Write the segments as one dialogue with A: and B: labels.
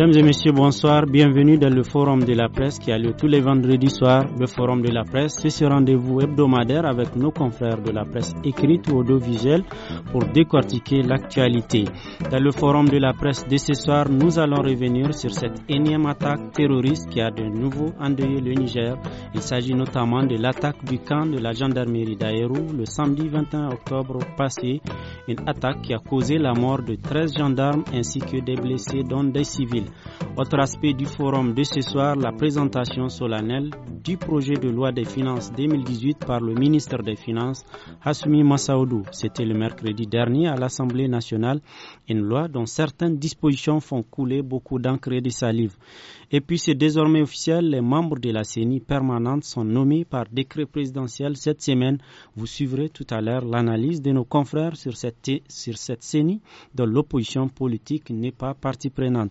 A: Mesdames et messieurs, bonsoir. Bienvenue dans le Forum de la presse qui a lieu tous les vendredis soirs. Le Forum de la presse, c'est ce rendez-vous hebdomadaire avec nos confrères de la presse écrite ou audiovisuelle pour décortiquer l'actualité. Dans le Forum de la presse de ce soir, nous allons revenir sur cette énième attaque terroriste qui a de nouveau endeuillé le Niger. Il s'agit notamment de l'attaque du camp de la gendarmerie d'Aérou le samedi 21 octobre passé. Une attaque qui a causé la mort de 13 gendarmes ainsi que des blessés dont des civils. Autre aspect du forum de ce soir, la présentation solennelle du projet de loi des finances 2018 par le ministre des Finances, Hassoumi Massaoudou. C'était le mercredi dernier à l'Assemblée nationale une loi dont certaines dispositions font couler beaucoup d'encre et de salive. Et puis c'est désormais officiel, les membres de la CENI permanente sont nommés par décret présidentiel cette semaine. Vous suivrez tout à l'heure l'analyse de nos confrères sur cette, sur cette CENI dont l'opposition politique n'est pas partie prenante.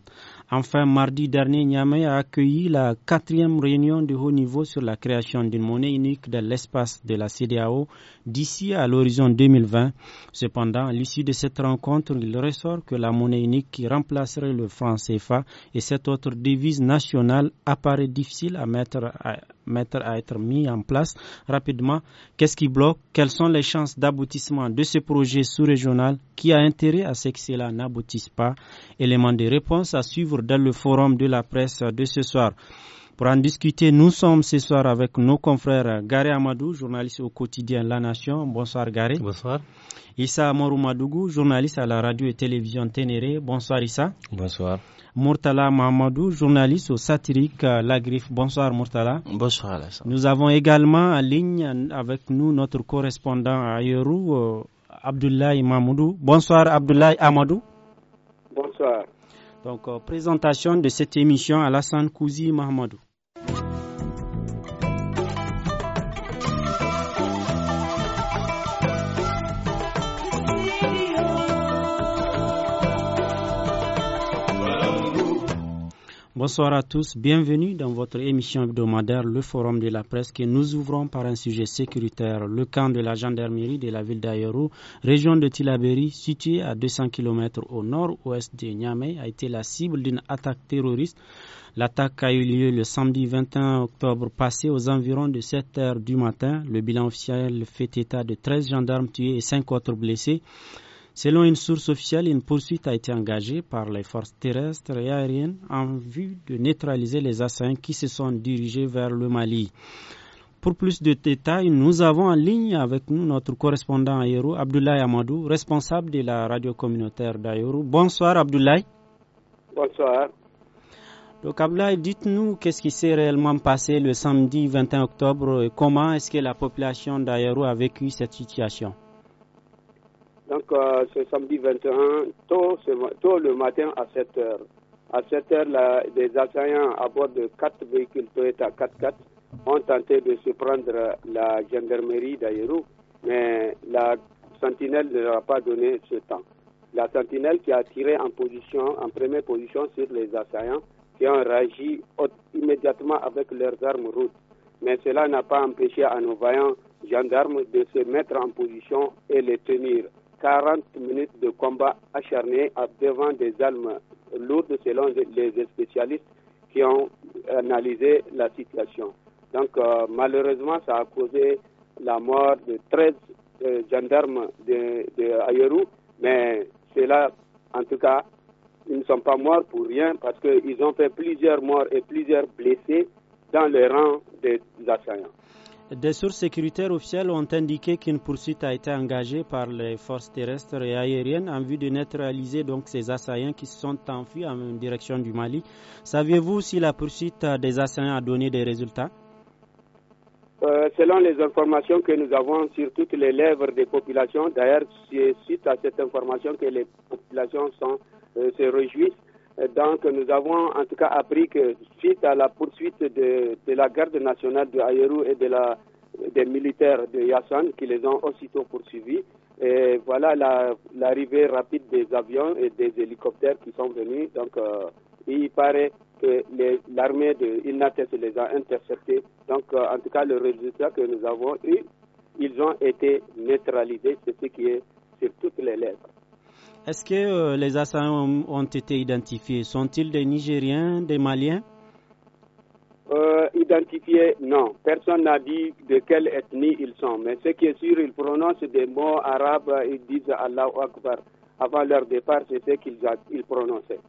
A: Enfin, mardi dernier, Niamey a accueilli la quatrième réunion de haut niveau sur la création d'une monnaie unique dans l'espace de la CDAO d'ici à l'horizon 2020. Cependant, à l'issue de cette rencontre, il ressort que la monnaie unique qui remplacerait le franc CFA et cette autre devise nationale apparaît difficile à mettre à, mettre, à être mis en place rapidement. Qu'est-ce qui bloque Quelles sont les chances d'aboutissement de ce projet sous-régional qui a intérêt à ce que cela n'aboutisse pas Élément de réponse à suivre dans le forum de la presse de ce soir. Pour en discuter, nous sommes ce soir avec nos confrères Gary Amadou, journaliste au quotidien La Nation. Bonsoir Gary. Bonsoir. Issa Madougou, journaliste à la radio et télévision Ténéré. Bonsoir Issa. Bonsoir. Murtala Mahamadou, journaliste au satirique euh, La Griffe. Bonsoir Murtala. Bonsoir Alassane. Nous avons également en ligne avec nous notre correspondant à Yerou, euh, Abdoulaye Mamadou. Bonsoir Abdoulaye Amadou. Bonsoir. Donc, euh, présentation de cette émission Alassane Kouzi Mahamadou. Bonsoir à tous, bienvenue dans votre émission hebdomadaire Le Forum de la presse que nous ouvrons par un sujet sécuritaire. Le camp de la gendarmerie de la ville d'Ayoro, région de Tilaberi, située à 200 km au nord-ouest de Niamey, a été la cible d'une attaque terroriste. L'attaque a eu lieu le samedi 21 octobre passé aux environs de 7 heures du matin. Le bilan officiel fait état de 13 gendarmes tués et 5 autres blessés. Selon une source officielle, une poursuite a été engagée par les forces terrestres et aériennes en vue de neutraliser les assaillants qui se sont dirigés vers le Mali. Pour plus de détails, nous avons en ligne avec nous notre correspondant à Abdullah Abdoulaye Amadou, responsable de la radio communautaire d'Ayoro. Bonsoir Abdoulaye. Bonsoir. Donc Abdoulaye, dites-nous qu'est-ce qui s'est réellement passé le samedi 21 octobre et comment est-ce que la population d'Aéro a vécu cette situation.
B: Donc, euh, ce samedi 21, tôt, tôt, le matin à 7 h À 7 heures, les des assaillants à bord de quatre véhicules Toyota 4x4 ont tenté de se prendre la gendarmerie d'Aïrou, mais la sentinelle ne leur a pas donné ce temps. La sentinelle qui a tiré en position, en première position sur les assaillants qui ont réagi immédiatement avec leurs armes routes. Mais cela n'a pas empêché à nos vaillants gendarmes de se mettre en position et les tenir. 40 minutes de combat acharné devant des armes lourdes selon les spécialistes qui ont analysé la situation. Donc euh, malheureusement, ça a causé la mort de 13 euh, gendarmes de, de Ayerou, mais cela, en tout cas, ils ne sont pas morts pour rien parce qu'ils ont fait plusieurs morts et plusieurs blessés dans les rangs des assaillants.
A: Des sources sécuritaires officielles ont indiqué qu'une poursuite a été engagée par les forces terrestres et aériennes en vue de neutraliser donc ces assaillants qui se sont enfuis en direction du Mali. saviez vous si la poursuite des assaillants a donné des résultats
B: euh, selon les informations que nous avons sur toutes les lèvres des populations, d'ailleurs, c'est suite à cette information que les populations euh, se réjouissent donc nous avons en tout cas appris que suite à la poursuite de, la garde nationale de Ayerou et de la, des militaires de Yassan qui les ont aussitôt poursuivis, et voilà l'arrivée rapide des avions et des hélicoptères qui sont venus. Donc euh, il paraît que l'armée de Ilnates les a interceptés. Donc euh, en tout cas le résultat que nous avons eu, ils ont été neutralisés, c'est ce qui est sur toutes les lèvres.
A: Est-ce que euh, les assaillants ont, été identifiés Sont-ils des Nigériens, des Maliens
B: euh, Identifiés, non. Personne n'a dit de quelle ethnie ils sont. Mais ce qui est sûr, ils prononcent des mots arabes, ils disent Allahu Akbar. Avant leur départ, c'est ce qu'ils prononçaient.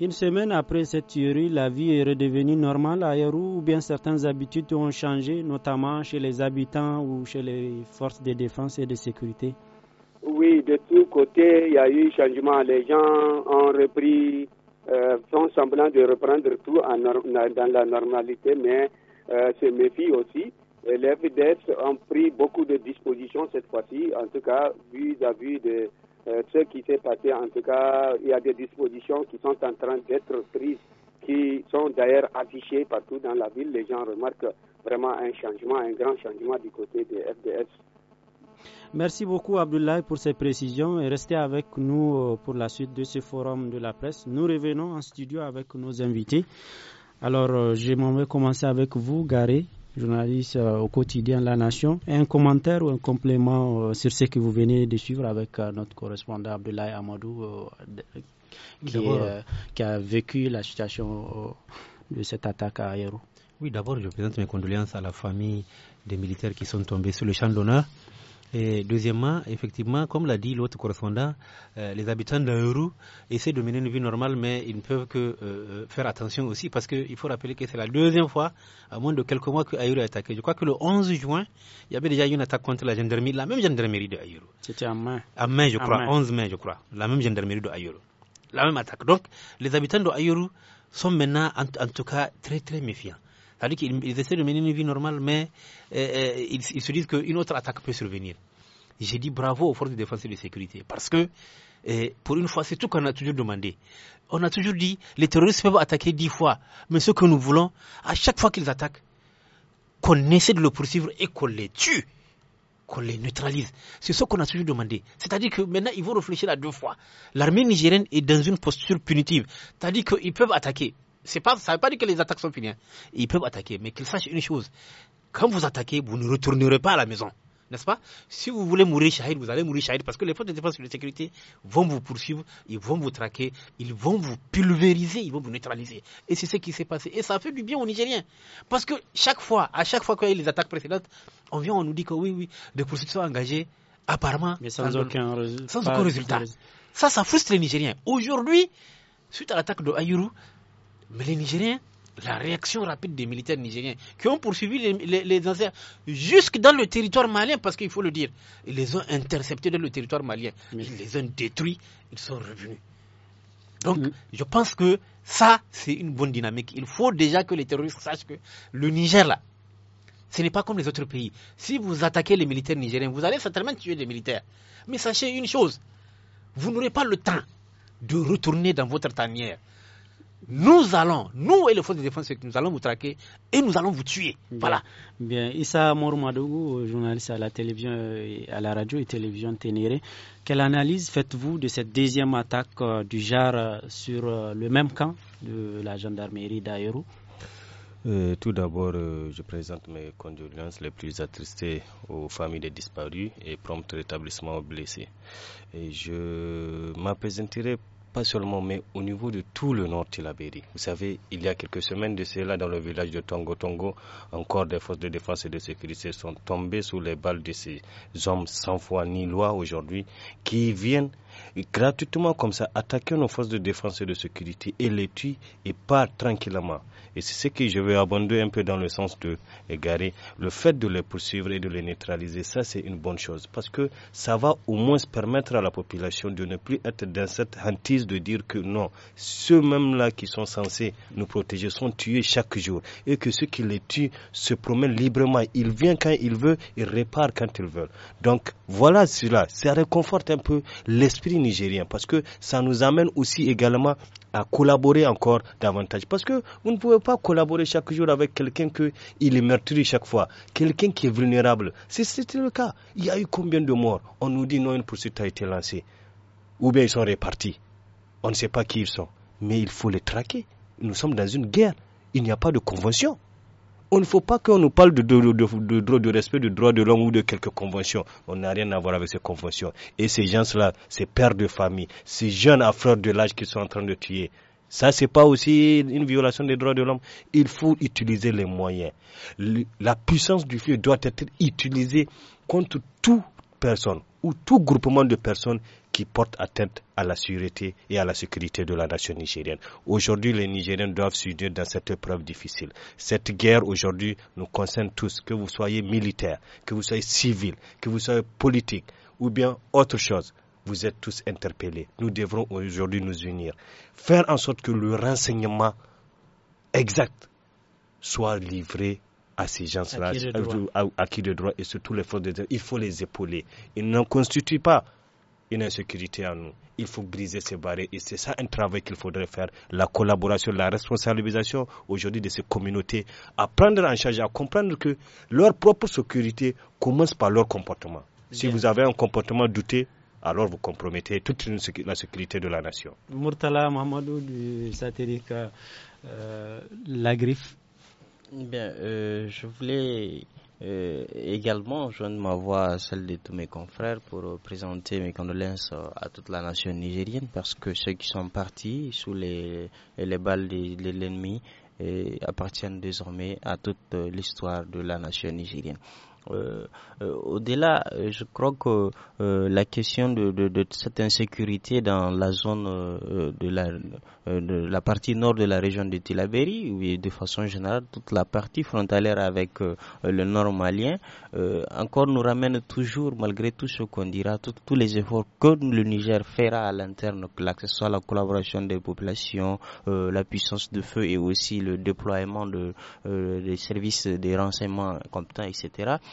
A: Une semaine après cette tuerie, la vie est redevenue normale à Yerou ou bien certaines habitudes ont changé, notamment chez les habitants ou chez les forces de défense et de sécurité
B: oui, de tous côtés, il y a eu changement. Les gens ont repris, euh, font semblant de reprendre tout dans la normalité, mais euh, se méfient aussi. les FDS ont pris beaucoup de dispositions cette fois-ci, en tout cas vis-à-vis de euh, ce qui s'est passé. En tout cas, il y a des dispositions qui sont en train d'être prises, qui sont d'ailleurs affichées partout dans la ville. Les gens remarquent vraiment un changement, un grand changement du côté des FDS.
A: Merci beaucoup Abdoulaye pour ces précisions et restez avec nous euh, pour la suite de ce forum de la presse. Nous revenons en studio avec nos invités. Alors, euh, je vais commencer avec vous, Garé, journaliste euh, au quotidien La Nation. Un commentaire ou un complément sur ce que vous venez de suivre avec notre correspondant Abdoulaye Amadou, qui, a vécu la situation de cette attaque à Aéro.
C: Oui, d'abord, je présente mes condoléances à la famille des militaires qui sont tombés sur le champ d'honneur. Et deuxièmement, effectivement, comme l'a dit l'autre correspondant, euh, les habitants d'Aourou essaient de mener une vie normale, mais ils ne peuvent que euh, euh, faire attention aussi, parce qu'il faut rappeler que c'est la deuxième fois, à moins de quelques mois, que a est attaqué. Je crois que le 11 juin, il y avait déjà eu une attaque contre la gendarmerie, la même gendarmerie de C'était à mai. En mai, je crois, 11 mai, je crois, la même gendarmerie de La même attaque. Donc, les habitants de sont maintenant, en tout cas, très, très méfiants. C'est-à-dire qu'ils essaient de mener une vie normale, mais euh, euh, ils, se disent qu'une autre attaque peut survenir. J'ai dit bravo aux forces de défense et de sécurité, parce que euh, pour une fois, c'est tout qu'on a toujours demandé. On a toujours dit, les terroristes peuvent attaquer dix fois, mais ce que nous voulons, à chaque fois qu'ils attaquent, qu'on essaie de le poursuivre et qu'on les tue, qu'on les neutralise. C'est ce qu'on a toujours demandé. C'est-à-dire que maintenant, ils vont réfléchir à deux fois. L'armée nigérienne est dans une posture punitive, c'est-à-dire qu'ils peuvent attaquer. Pas, ça ne veut pas dire que les attaques sont finies. Hein. Ils peuvent attaquer, mais qu'ils sachent une chose. Quand vous attaquez, vous ne retournerez pas à la maison. N'est-ce pas Si vous voulez mourir shahid, vous allez mourir shahid parce que les forces de défense et de sécurité vont vous poursuivre, ils vont vous traquer, ils vont vous pulvériser, ils vont vous neutraliser. Et c'est ce qui s'est passé. Et ça fait du bien aux Nigériens. Parce que chaque fois, à chaque fois qu'il y a eu les attaques précédentes, on vient, on nous dit que oui, oui, des poursuites sont engagées, apparemment. Mais sans, aucun,
A: sans aucun résultat.
C: Ça, ça frustre les Nigériens. Aujourd'hui, suite à l'attaque de Ayuru, mais les Nigériens, la réaction rapide des militaires nigériens qui ont poursuivi les, les, anciens jusque dans le territoire malien, parce qu'il faut le dire, ils les ont interceptés dans le territoire malien, ils les ont détruits, ils sont revenus. Donc, mm. je pense que ça, c'est une bonne dynamique. Il faut déjà que les terroristes sachent que le Niger, là, ce n'est pas comme les autres pays. Si vous attaquez les militaires nigériens, vous allez certainement tuer des militaires. Mais sachez une chose, vous n'aurez pas le temps de retourner dans votre tanière nous allons, nous et le fonds de défense, nous allons vous traquer et nous allons vous tuer. Voilà.
A: Bien, Issa Morumadougou, journaliste à la télévision, euh, à la radio et télévision Ténéré, quelle analyse faites-vous de cette deuxième attaque euh, du JAR euh, sur le même camp
D: de la gendarmerie d'Aérou tout d'abord, je présente mes condoléances les plus attristées aux familles des disparus et prompt rétablissement aux blessés. Et je m'apaisanterai pas seulement, mais au niveau de tout le nord de Vous savez, il y a quelques semaines de cela, dans le village de Tongo Tongo, encore des forces de défense et de sécurité sont tombées sous les balles de ces hommes sans foi ni loi aujourd'hui qui viennent gratuitement comme ça, attaquer nos forces de défense et de sécurité et les tuer et part tranquillement. Et c'est ce que je vais abonder un peu dans le sens de égarer. Le fait de les poursuivre et de les neutraliser, ça c'est une bonne chose parce que ça va au moins permettre à la population de ne plus être dans cette hantise de dire que non, ceux-mêmes-là qui sont censés nous protéger sont tués chaque jour et que ceux qui les tuent se promènent librement. Ils viennent quand ils veulent, ils répare quand ils veulent. Donc voilà cela, ça réconforte un peu l'esprit nigérien parce que ça nous amène aussi également à collaborer encore davantage. Parce que vous ne pouvez pas collaborer chaque jour avec quelqu'un que qui est meurtri chaque fois, quelqu'un qui est vulnérable. c'est le cas. Il y a eu combien de morts On nous dit non, une poursuite a été lancée. Ou bien ils sont répartis. On ne sait pas qui ils sont. Mais il faut les traquer. Nous sommes dans une guerre. Il n'y a pas de convention on ne faut pas qu'on nous parle de, de, de, respect du droit de l'homme ou de quelques conventions. On n'a rien à voir avec ces conventions. Et ces gens-là, ces pères de famille, ces jeunes à fleur de l'âge qui sont en train de tuer, ça, c'est pas aussi une violation des droits de l'homme. Il faut utiliser les moyens. la puissance du feu doit être utilisée contre toute personne ou tout groupement de personnes qui portent atteinte à la sûreté et à la sécurité de la nation nigérienne. Aujourd'hui, les Nigériens doivent s'unir dans cette épreuve difficile. Cette guerre aujourd'hui nous concerne tous, que vous soyez militaire, que vous soyez civil, que vous soyez politique ou bien autre chose. Vous êtes tous interpellés. Nous devrons aujourd'hui nous unir. Faire en sorte que le renseignement exact soit livré à ces gens-là, à, qui de droit et surtout les forces de Il faut les épauler. Ils ne constituent pas une insécurité à nous. Il faut briser ces barrières et c'est ça un travail qu'il faudrait faire. La collaboration, la responsabilisation aujourd'hui de ces communautés à prendre en charge, à comprendre que leur propre sécurité commence par leur comportement. Si vous avez un comportement douté, alors vous compromettez toute la sécurité de la nation.
A: Murtala Mahamadou du satirique euh, La Griffe.
E: Euh, je voulais euh, également, je donne ma voix à celle de tous mes confrères pour présenter mes condoléances à toute la nation nigérienne parce que ceux qui sont partis sous les, balles de l'ennemi euh, appartiennent désormais à toute l'histoire de la nation nigérienne. Euh, euh, au-delà, euh, je crois que la question de, de, cette insécurité dans la zone de la, partie nord de la région de Tilaberi, ou de façon générale toute la partie frontalière avec le nord malien, encore nous ramène toujours, malgré tout ce qu'on dira, tous les efforts que le Niger fera à l'interne, que ce soit la collaboration des populations, la puissance de feu et aussi le déploiement de, des services des renseignements compétents, etc.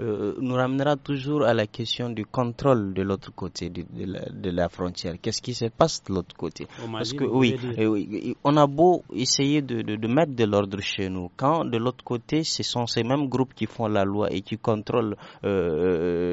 E: Euh, nous ramènera toujours à la question du contrôle de l'autre côté de, la, frontière. Qu'est-ce qui se passe de l'autre côté Parce que eh oui, on a beau essayer de, mettre de l'ordre chez nous, quand de l'autre côté, ce sont ces mêmes groupes qui font la loi et qui contrôlent euh,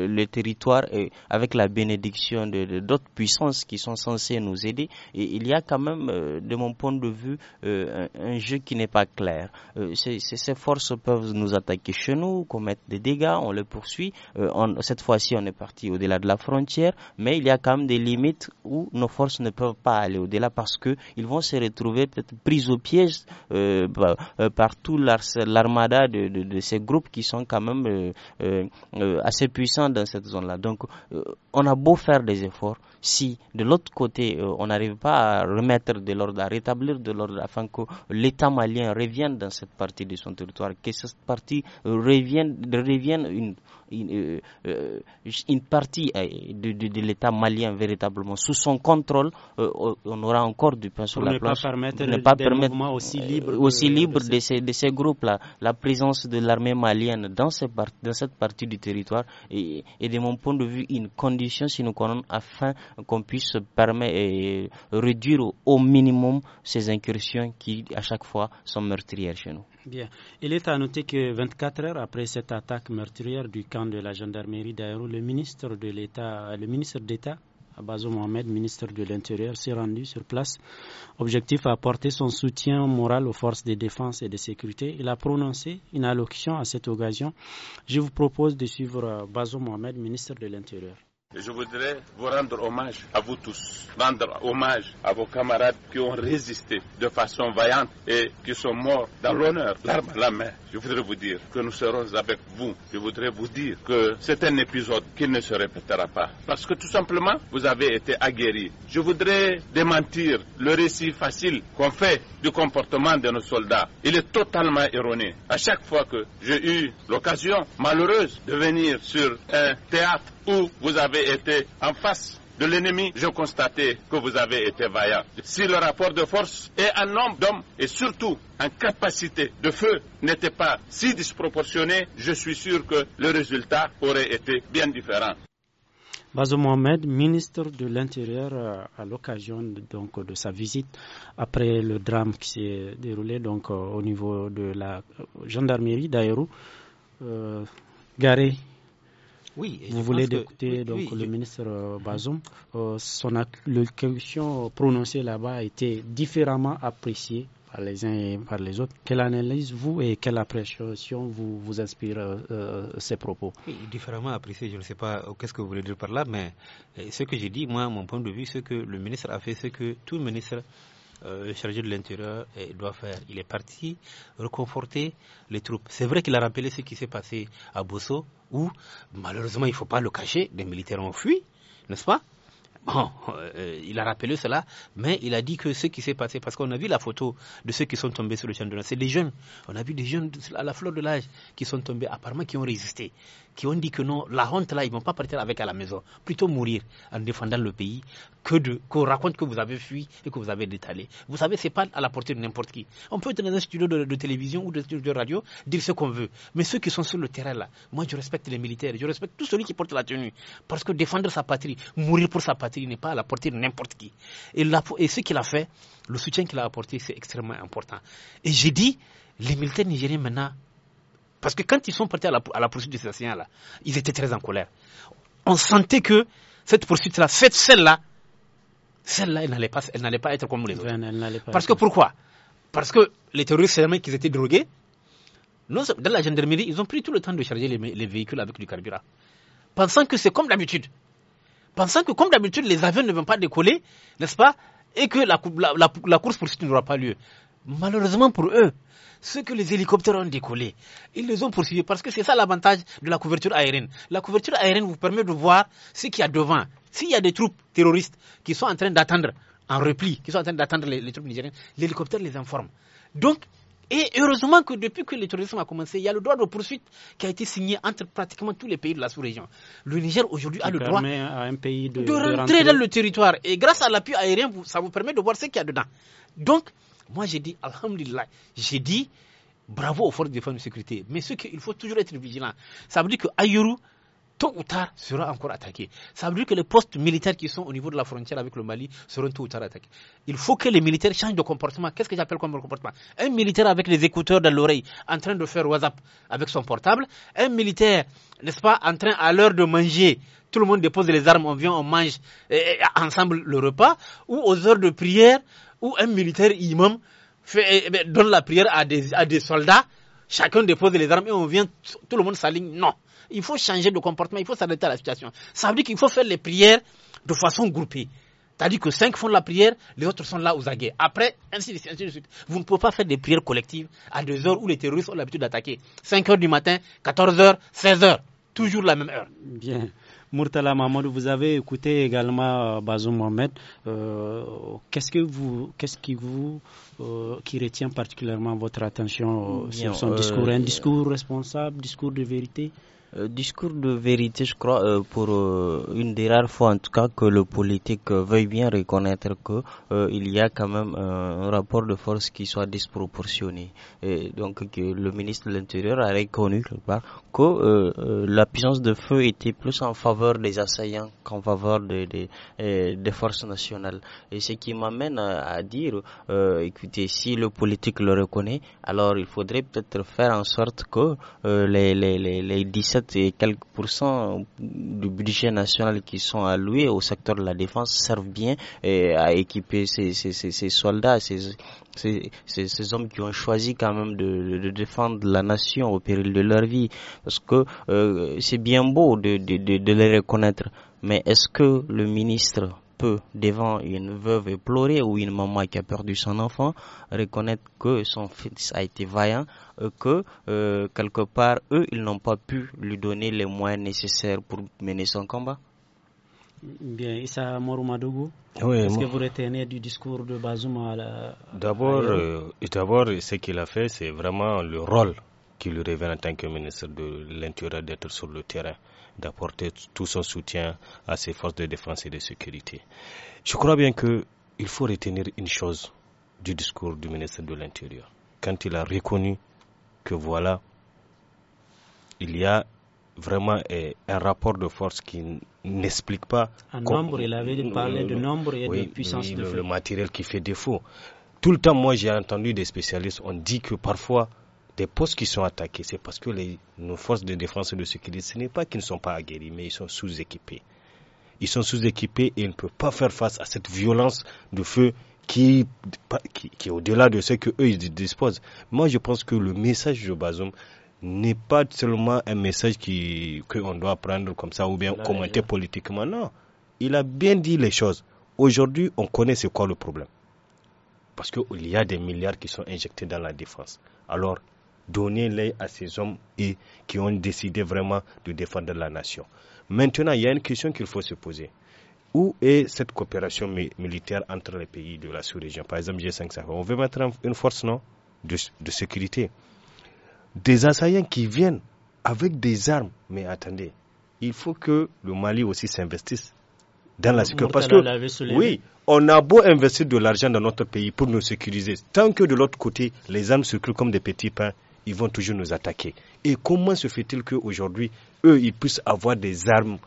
E: euh, le territoire avec la bénédiction de d'autres puissances qui sont censées nous aider, il y a quand même, de mon point de vue, un, jeu qui n'est pas clair. Ces, forces peuvent nous attaquer chez nous, commettre des dégâts on le poursuit. Euh, cette fois-ci, on est parti au-delà de la frontière, mais il y a quand même des limites où nos forces ne peuvent pas aller au-delà parce qu'ils vont se retrouver peut-être pris au piège euh, bah, euh, par tout l'armada de, de, ces groupes qui sont quand même assez puissants dans cette zone-là. Donc, on a beau faire des efforts, si de l'autre côté, on n'arrive pas à remettre de l'ordre, à rétablir de l'ordre afin que l'État malien revienne dans cette partie de son territoire, que cette partie revienne, revienne euh, euh, une, partie euh, de, l'État malien véritablement sous son contrôle, on aura encore du pain sur la planche.
A: Pas ne pas permettre
E: aussi aussi libre de, ces, groupes-là. La présence de l'armée malienne dans, cette partie du territoire est, de mon point de vue une condition sine afin qu'on puisse permettre et réduire au minimum ces incursions qui à chaque fois sont meurtrières
A: chez nous. Bien. Il est à noter que 24 heures après cette attaque meurtrière du camp de la gendarmerie d'Aéro, le ministre de l'État, le ministre d'État, Abazo Mohamed, ministre de l'Intérieur, s'est rendu sur place. Objectif à apporter son soutien moral aux forces de défense et de sécurité. Il a prononcé une allocution à cette occasion. Je vous propose de suivre euh, Baso Mohamed, ministre de l'Intérieur.
B: Je voudrais vous rendre hommage à vous tous, rendre hommage à vos camarades qui ont résisté de façon vaillante et qui sont morts dans l'honneur, l'arme à la main. Je voudrais vous dire que nous serons avec vous. Je voudrais vous dire que c'est un épisode qui ne se répétera pas. Parce que tout simplement, vous avez été aguerris. Je voudrais démentir le récit facile qu'on fait du comportement de nos soldats. Il est totalement erroné. À chaque fois que j'ai eu l'occasion malheureuse de venir sur un théâtre où vous avez été en face de l'ennemi, je constatais que vous avez été vaillant. Si le rapport de force et un nombre d'hommes et surtout en capacité de feu n'était pas si disproportionné, je suis sûr que le résultat aurait été bien différent.
A: Bazo Mohamed, ministre de l'Intérieur, euh, à l'occasion de sa visite après le drame qui s'est déroulé donc euh, au niveau de la euh, gendarmerie d'Aérou, garé oui, vous voulez écouter donc le ministre euh, Bazoum. Euh, son allocution prononcée là-bas a été différemment appréciée par les uns et par les autres. Quelle analyse vous et quelle appréciation vous, vous inspire euh, ces propos Différemment
C: apprécié, je ne sais pas qu'est-ce que vous voulez dire par là, mais ce que j'ai dit, moi, mon point de vue, ce que le ministre a fait ce que tout ministre euh, le chargé de l'intérieur eh, doit faire. Il est parti reconforter les troupes. C'est vrai qu'il a rappelé ce qui s'est passé à Bosso, où malheureusement, il ne faut pas le cacher, des militaires ont fui, n'est-ce pas Bon, euh, euh, il a rappelé cela, mais il a dit que ce qui s'est passé, parce qu'on a vu la photo de ceux qui sont tombés sur le champ de c'est des jeunes. On a vu des jeunes à la fleur de l'âge qui sont tombés, apparemment qui ont résisté, qui ont dit que non, la honte là, ils ne vont pas partir avec à la maison, plutôt mourir en défendant le pays que de qu'on raconte que vous avez fui et que vous avez détalé. Vous savez, n'est pas à la portée de n'importe qui. On peut être dans un studio de, télévision ou de, de radio, dire ce qu'on veut, mais ceux qui sont sur le terrain là, moi je respecte les militaires, je respecte tout celui qui porte la tenue, parce que défendre sa patrie, mourir pour sa patrie, il n'est pas à la portée de n'importe qui. Et, ce qu'il a fait, le soutien qu'il a apporté, c'est extrêmement important. Et j'ai dit, les militaires nigériens maintenant, parce que quand ils sont partis à la, poursuite de ces assassins-là, ils étaient très en colère. On sentait que cette poursuite-là, cette celle-là, celle-là, elle n'allait pas, être comme les autres. parce que pourquoi Parce que les terroristes, c'est qu'ils étaient drogués. Dans la gendarmerie, ils ont pris tout le temps de charger les, les véhicules avec du carburant, pensant que c'est comme d'habitude pensant que comme d'habitude, les avions ne vont pas décoller, n'est-ce pas, et que la, la, course poursuite n'aura pas lieu. Malheureusement pour eux, ceux que les hélicoptères ont décollé, ils les ont poursuivis parce que c'est ça l'avantage de la couverture aérienne. La couverture aérienne vous permet de voir ce qu'il y a devant. S'il y a des troupes terroristes qui sont en train d'attendre en repli, qui sont en train d'attendre les, les troupes nigériennes, l'hélicoptère les informe. Donc, et heureusement que depuis que le terrorisme a commencé, il y a le droit de poursuite qui a été signé entre pratiquement tous les pays de la sous-région. Le Niger aujourd'hui a le droit
A: de, rentrer
C: dans le territoire. Et grâce à l'appui aérien, ça vous permet de voir ce qu'il y a dedans. Donc, moi j'ai dit, Alhamdulillah, j'ai dit bravo aux forces de défense de sécurité. Mais ce qu'il faut toujours être vigilant, ça veut dire que Ayuru, tôt ou tard, sera encore attaqué. Ça veut dire que les postes militaires qui sont au niveau de la frontière avec le Mali seront tôt ou tard attaqués. Il faut que les militaires changent de comportement. Qu'est-ce que j'appelle comme comportement Un militaire avec les écouteurs dans l'oreille, en train de faire WhatsApp avec son portable. Un militaire, n'est-ce pas, en train à l'heure de manger, tout le monde dépose les armes, on vient, on mange ensemble le repas. Ou aux heures de prière, où un militaire imam fait, donne la prière à des, à des soldats. Chacun dépose les armes et on vient, tout le monde s'aligne. Non il faut changer de comportement, il faut s'adapter à la situation. Ça veut dire qu'il faut faire les prières de façon groupée. C'est-à-dire que cinq font la prière, les autres sont là aux aguets. Après, ainsi de, suite, Vous ne pouvez pas faire des prières collectives à deux heures où les terroristes ont l'habitude d'attaquer. 5 heures du matin,
A: 14 heures, 16 heures. Toujours la même heure. Bien. Murtala Mamadou, vous avez écouté également euh, Bazoum Mohamed. Euh, qu'est-ce que vous, qu'est-ce qui vous, euh, qui retient particulièrement votre attention sur son discours Un discours responsable, discours de vérité euh, discours de
E: vérité, je crois, euh, pour euh, une des rares fois en tout cas que le politique veuille bien reconnaître que il y a quand même un rapport de force qui soit disproportionné. donc que le ministre de l'Intérieur a reconnu que la puissance de feu était plus en faveur des assaillants qu'en faveur des forces nationales. Et ce qui m'amène à, dire, écoutez, si le politique le reconnaît, alors il faudrait peut-être faire en sorte que les, les, les 17 et quelques pourcents du budget national qui sont alloués au secteur de la défense servent bien eh, à équiper ces, soldats, ces, hommes qui ont choisi quand même de, défendre la nation au péril de leur vie. Parce que euh, c'est bien beau de, les reconnaître, mais est-ce que le ministre peut, devant une veuve éplorée ou une maman qui a perdu son enfant, reconnaître que son fils a été vaillant, euh, que euh, quelque part, eux, ils n'ont pas pu lui donner les moyens nécessaires pour mener son combat
A: Bien, Issa Morumadougou, oui, est-ce que vous retenez du discours de Bazoum la...
D: Euh, d'abord, ce qu'il a fait, c'est vraiment le rôle qui lui revient en tant que ministre de l'Intérieur d'être sur le terrain d'apporter tout son soutien à ses forces de défense et de sécurité. Je crois bien qu'il faut retenir une chose du discours du ministre de l'Intérieur. Quand il a reconnu que voilà, il y a vraiment eh, un rapport de force qui n'explique pas.
A: Un nombre, il avait parlé de nombre et de puissance de le
D: matériel qui fait défaut. Tout le temps, moi, j'ai entendu des spécialistes, on dit que parfois, des postes qui sont attaqués, c'est parce que les, nos forces de défense et de sécurité, ce n'est pas qu'ils ne sont pas aguerris, mais ils sont sous-équipés. Ils sont sous-équipés et ils ne peuvent pas faire face à cette violence de feu qui, est au-delà de ce qu'eux, ils disposent. Moi, je pense que le message de Bazoum n'est pas seulement un message qui, qu'on doit prendre comme ça ou bien commenter politiquement. Non, il a bien dit les choses. Aujourd'hui, on connaît c'est quoi le problème. Parce qu'il y a des milliards qui sont injectés dans la défense. Alors, donner les à ces hommes et qui ont décidé vraiment de défendre la nation. Maintenant, il y a une question qu'il faut se poser. Où est cette coopération militaire entre les pays de la sous-région Par exemple, G5 Sahel. On veut mettre une force non de, de sécurité. Des assaillants qui viennent avec des armes. Mais attendez, il faut que le Mali aussi s'investisse dans la sécurité. Parce que, oui, on a beau investir de l'argent dans notre pays pour nous sécuriser. Tant que de l'autre côté, les armes circulent comme des petits pains, ils vont toujours nous attaquer. Et comment se fait-il qu'aujourd'hui, eux, ils puissent avoir des armes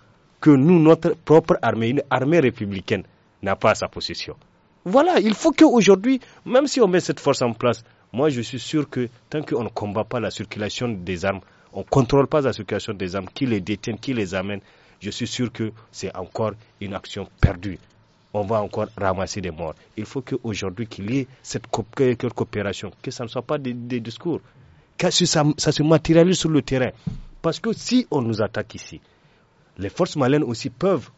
D: que nous, notre propre armée, une armée républicaine, n'a pas à sa possession Voilà, il faut qu'aujourd'hui, même si on met cette force en place, moi je suis sûr que tant qu'on ne combat pas la circulation des armes, on ne contrôle pas la circulation des armes, qui les détiennent, qui les amène, je suis sûr que c'est encore une action perdue. On va encore ramasser des morts. Il faut qu'aujourd'hui qu'il y ait cette coopération, que ce ne soit pas des discours, ça, ça se matérialise sur le terrain. Parce que si on nous attaque ici, les forces maliennes aussi peuvent,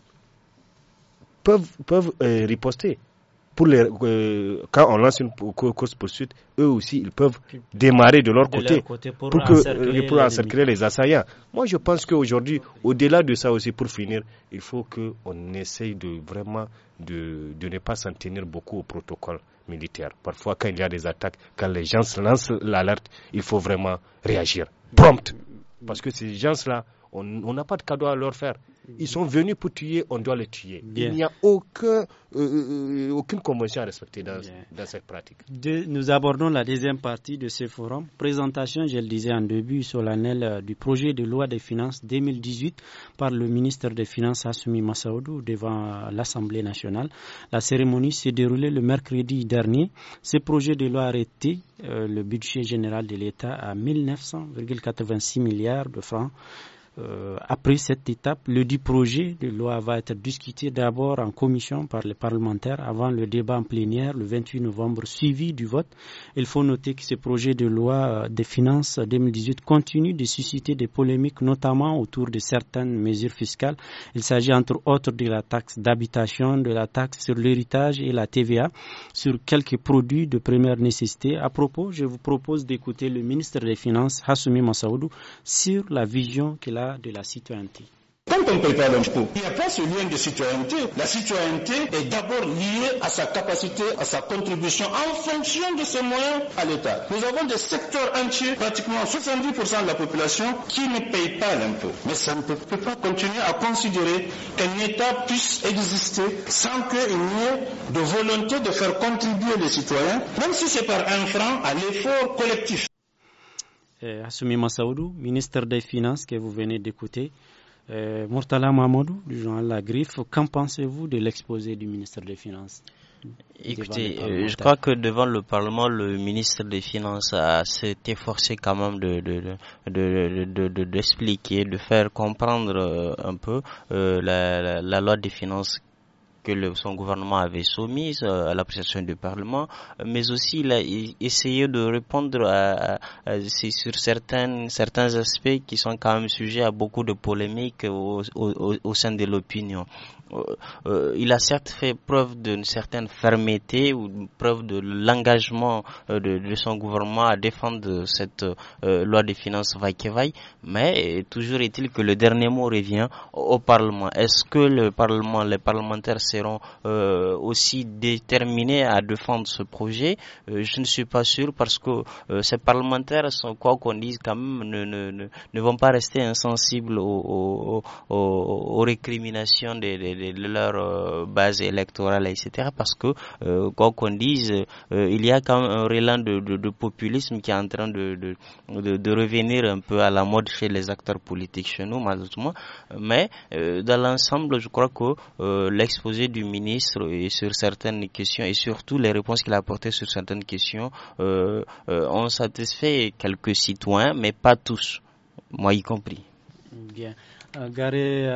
D: peuvent, peuvent euh, riposter. Pour les, euh, quand on lance une course poursuite, eux aussi, ils peuvent démarrer de leur côté, pour, euh, les, assaillants. Moi, je pense qu'aujourd'hui, au-delà de ça aussi, pour finir, il faut qu'on essaye de vraiment de ne pas s'en tenir beaucoup au protocole militaire. Parfois, quand il y a des attaques, quand les gens lancent l'alerte, il faut vraiment réagir. Prompt. Parce que ces gens-là, on n'a pas de cadeau à leur faire. Mhm. Ils sont venus pour tuer, on doit les tuer. Il n'y a euh, euh, aucune convention à respecter dans, cette pratique.
A: nous abordons la deuxième partie de ce forum. Présentation, je le disais en début, solennelle euh, du projet de loi des finances 2018 par le ministre des Finances Assoumi Massaoudou devant l'Assemblée nationale. La cérémonie s'est déroulée le mercredi dernier. Ce projet de loi arrêté le budget général de l'État à 1900,86 milliards de francs euh, après cette étape, le dit projet de loi va être discuté d'abord en commission par les parlementaires avant le débat en plénière le 28 novembre suivi du vote. Il faut noter que ce projet de loi euh, des finances 2018 continue de susciter des polémiques, notamment autour de certaines mesures fiscales. Il s'agit entre autres de la taxe d'habitation, de la taxe sur l'héritage et la TVA sur quelques produits de première nécessité. À propos, je vous propose d'écouter le ministre des Finances, Hassoumi Massaoudou, sur la vision qu'il a de la citoyenneté.
C: Quand on prépare l'impôt, il n'y a pas ce lien de citoyenneté. La citoyenneté est d'abord liée à
E: sa capacité, à sa contribution en fonction de ses moyens à l'État. Nous avons des secteurs
D: entiers, pratiquement 70% de la population, qui ne payent pas l'impôt. Mais ça ne peut, pas continuer à considérer qu'un État puisse exister sans qu'il n'y ait de volonté de faire contribuer les citoyens, même si c'est par un franc à l'effort collectif.
A: Euh, Assoumi Massaoudou, ministre des Finances que vous venez d'écouter, euh, Murtala Mamadou, du journal La Griffe, qu'en pensez-vous de l'exposé du ministre des Finances
E: Écoutez, euh, je crois que devant le Parlement, le ministre des Finances s'est efforcé quand même de d'expliquer, de, de, de, faire comprendre euh, un peu la, la, loi des finances que son gouvernement avait soumise euh, à l'appréciation du Parlement, mais aussi il a essayé de répondre sur certains, aspects qui sont quand même sujets à beaucoup de polémiques au sein de l'opinion. Euh, euh, il a certes fait preuve d'une certaine fermeté ou preuve de l'engagement euh, de, son gouvernement à défendre cette loi des finances vaille mais toujours est-il que le dernier mot revient au Parlement. Est-ce que le Parlement, les parlementaires seront aussi déterminés à défendre ce projet Je ne suis pas sûr parce que ces parlementaires sont quoi qu'on dise quand même ne, vont pas rester insensibles aux, aux, récriminations des de leur euh, base électorale, etc. Parce que, euh, quoi qu'on dise, euh, il y a quand même un relan de, populisme qui est en train de, revenir un peu à la mode chez les acteurs politiques chez nous, malheureusement. Mais dans l'ensemble, je crois que l'exposé du ministre et sur certaines questions et surtout les réponses qu'il a apportées sur certaines questions ont satisfait quelques citoyens, mais pas tous moi y compris.
A: Bien. Garé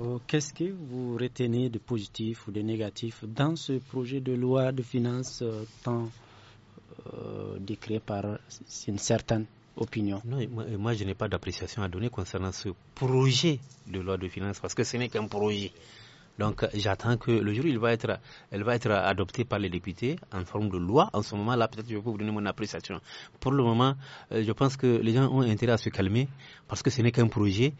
A: euh, qu'est-ce que vous retenez de positif ou de négatif dans ce projet de loi de finances euh, tant euh, décrit par une certaine opinion
C: moi, je n'ai pas d'appréciation à donner concernant ce
A: projet
C: de loi de finances parce que ce n'est qu'un projet. Donc j'attends que le jour il va être, elle va être adoptée par les députés en forme de loi. En ce moment-là, peut-être je peux vous donner mon appréciation. Pour le moment, euh, je pense que les gens ont intérêt à se calmer parce que ce n'est qu'un projet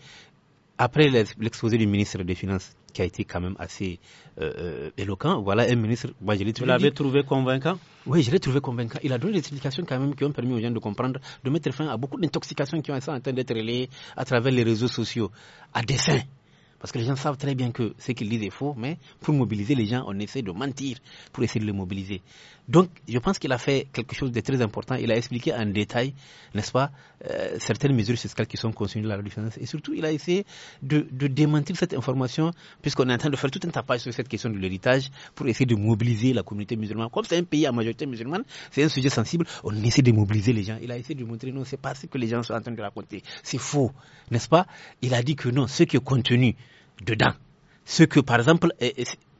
C: après l'exposé du ministre des Finances, qui a été quand même assez euh, euh éloquent, voilà un ministre. Moi, je trouvé convaincant Oui, je l'ai trouvé convaincant. Il a donné des explications quand même qui ont permis aux gens de comprendre, de mettre fin à beaucoup d'intoxications qui ont en train d'être relayées à travers les réseaux sociaux, à dessein. Parce que les gens savent très bien que ce qu'ils disent est faux, mais pour mobiliser les gens, on essaie de mentir pour essayer de les mobiliser. Donc, je pense qu'il a fait quelque chose de très important. Il a expliqué en détail, n'est-ce pas, euh, certaines mesures fiscales qui sont contenues dans la loi Et surtout, il a essayé de, de démentir cette information, puisqu'on est en train de faire tout un tapage sur cette question de l'héritage pour essayer de mobiliser la communauté musulmane. Comme c'est un pays à majorité musulmane, c'est un sujet sensible, on essaie de mobiliser les gens. Il a essayé de montrer non, c'est pas ce que les gens sont en train de raconter. C'est faux, n'est-ce pas Il a dit que non, ce qui est contenu dedans, ce que, par exemple,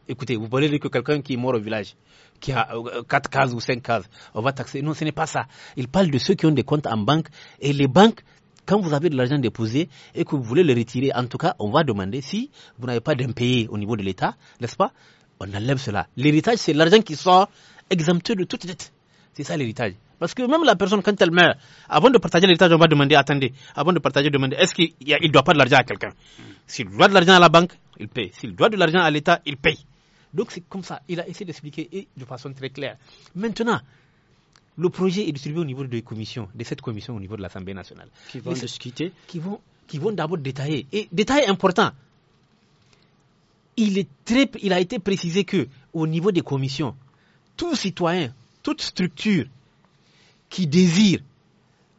C: écoutez, vous parlez que quelqu'un qui est mort au village qui a 4 euh, cases ou 5 cases. On va taxer. Non, ce n'est pas ça. Il parle de ceux qui ont des comptes en banque. Et les banques, quand vous avez de l'argent déposé et que vous voulez le retirer, en tout cas, on va demander si vous n'avez pas d'impayé au niveau de l'État, n'est-ce pas On enlève cela. L'héritage, c'est l'argent qui sort exempté de toute dette. C'est ça l'héritage. Parce que même la personne, quand elle meurt, avant de partager l'héritage, on va demander, attendez, avant de partager, demander, est-ce qu'il ne doit pas de l'argent à quelqu'un S'il doit de l'argent à la banque, il paye. S'il doit de l'argent à l'État, il paye. Donc c'est comme ça, il a essayé d'expliquer de façon très claire. Maintenant, le projet est distribué au niveau des commissions, de cette commission au niveau de l'Assemblée nationale. Qui vont discuter Qui vont, d'abord détailler. Et détail important. Il, il a été précisé que au niveau des commissions, tout citoyen, toute structure qui désire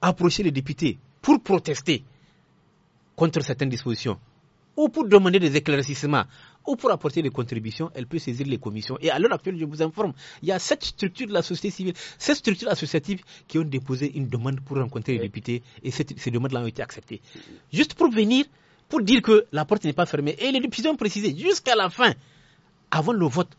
C: approcher les députés pour protester contre certaines dispositions ou pour demander des éclaircissements ou pour apporter des contributions, elle peut saisir les commissions. Et à l'heure actuelle, je vous informe, il y a cette structure de la société civile, cette structure associative qui ont déposé une demande pour rencontrer les députés et ces demandes-là ont été acceptées. Juste pour venir, pour dire que la porte n'est pas fermée. Et les députés ont précisé jusqu'à la fin, avant le vote,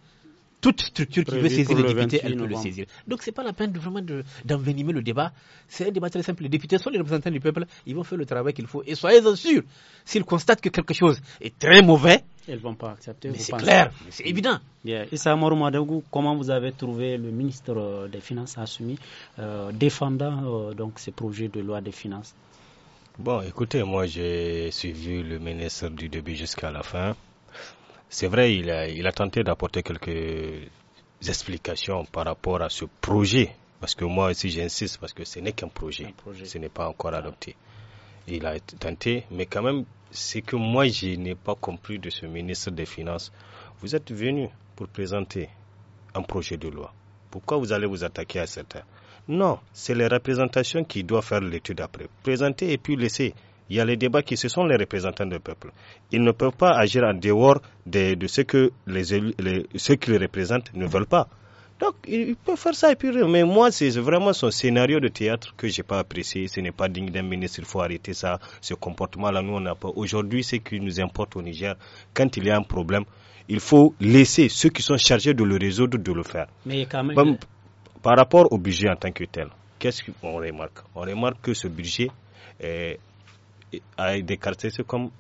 C: toute structure qui veut saisir les députés, elle peut le saisir. Donc n'est pas la peine de, vraiment d'envenimer le débat. C'est un débat très simple. Les députés sont les représentants du peuple. Ils vont faire le travail qu'il faut. Et soyez-en sûrs, s'ils constatent que quelque
A: chose est très mauvais, ils vont pas accepter. Mais c'est clair, c'est mm. évident. Yeah. Issa comment vous avez trouvé le ministre euh, des Finances assumé euh, défendant euh, donc
D: ces projets de loi des finances Bon, écoutez, moi j'ai suivi le ministre du début jusqu'à la fin. C'est vrai, il a, tenté d'apporter quelques explications par rapport à ce projet, parce que moi aussi j'insiste, parce que ce n'est qu'un projet. ce n'est pas encore adopté. Il a tenté, mais quand même, ce que moi je n'ai pas compris de ce ministre des Finances, vous êtes venu pour présenter un projet de loi. Pourquoi vous allez vous attaquer à certains Non, c'est les représentations qui doivent faire l'étude après. Présenter et puis laisser il y a les débats qui ce sont les représentants du peuple. Ils ne peuvent pas agir en dehors de, ce que les, ceux qui les représentent ne veulent pas. Donc, ils peut faire ça et puis Mais moi, c'est vraiment son scénario de théâtre que je j'ai pas apprécié. Ce n'est pas digne d'un ministre. Il faut arrêter ça. Ce comportement-là, nous, on n'a pas. Aujourd'hui, ce qui nous importe au Niger, quand il y a un problème, il faut laisser ceux qui sont chargés de le résoudre de le faire. Mais par, rapport au budget en tant que tel, qu'est-ce qu'on remarque On remarque que ce budget, est à décarté, c'est comme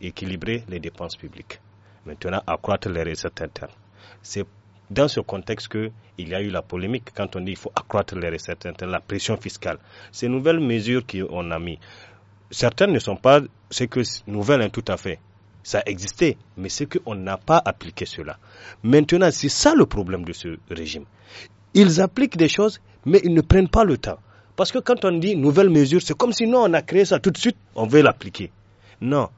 D: équilibrer les dépenses publiques. Maintenant, accroître les recettes internes. C'est dans ce contexte qu'il y a eu la polémique quand on dit qu'il faut accroître les recettes internes, la pression fiscale. Ces nouvelles mesures qu'on a mises, certaines ne sont pas ce que nouvelles hein, tout à fait. Ça existait, mais c'est qu'on n'a pas appliqué cela. Maintenant, c'est ça le problème de ce régime. Ils appliquent des choses, mais ils ne prennent pas le temps. Parce que quand on dit nouvelle mesure, c'est comme si non, on a créé ça tout de suite, on veut l'appliquer. Non.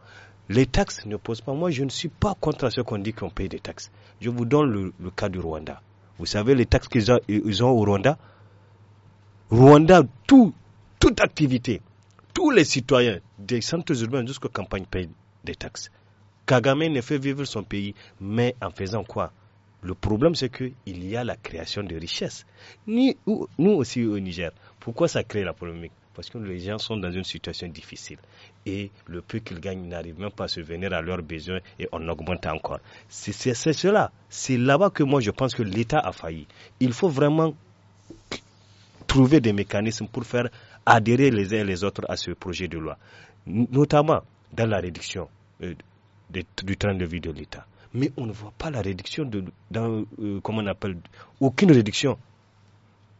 D: Les taxes ne posent pas. Moi, je ne suis pas contre ce qu'on dit qu'on paye des taxes. Je vous donne le, cas du Rwanda. Vous savez, les taxes qu'ils ont, au Rwanda, Rwanda, tout, toute activité, tous les citoyens, des centres urbains jusqu'aux campagnes, payent des taxes. Kagame ne fait vivre son pays, mais en faisant quoi le problème, c'est qu'il y a la création de richesses. Nous, aussi au Niger, pourquoi ça crée la polémique Parce que les gens sont dans une situation difficile et le peu qu'ils gagnent n'arrive même pas à se venir à leurs besoins et on augmente encore. C'est cela. C'est là-bas que moi je pense que l'État a failli. Il faut vraiment trouver des mécanismes pour faire adhérer les uns et les autres à ce projet de loi, notamment dans la réduction euh, du train de vie de l'État mais on ne voit pas la réduction de, dans, euh, on appelle, aucune réduction.